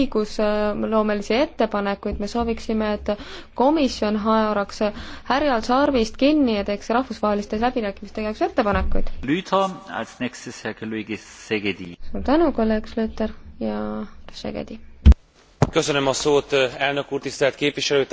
õigusloomelisi ettepanekuid, me sooviksime, et komisjon haaraks härjal sarvist kinni ja teeks rahvusvahelistes läbirääkimistes jaoks ettepanekuid. suur tänu, kolleeg Slüter ja Segedi. köszönöm a szót, elnök úr, tisztelt képviselőtársaim!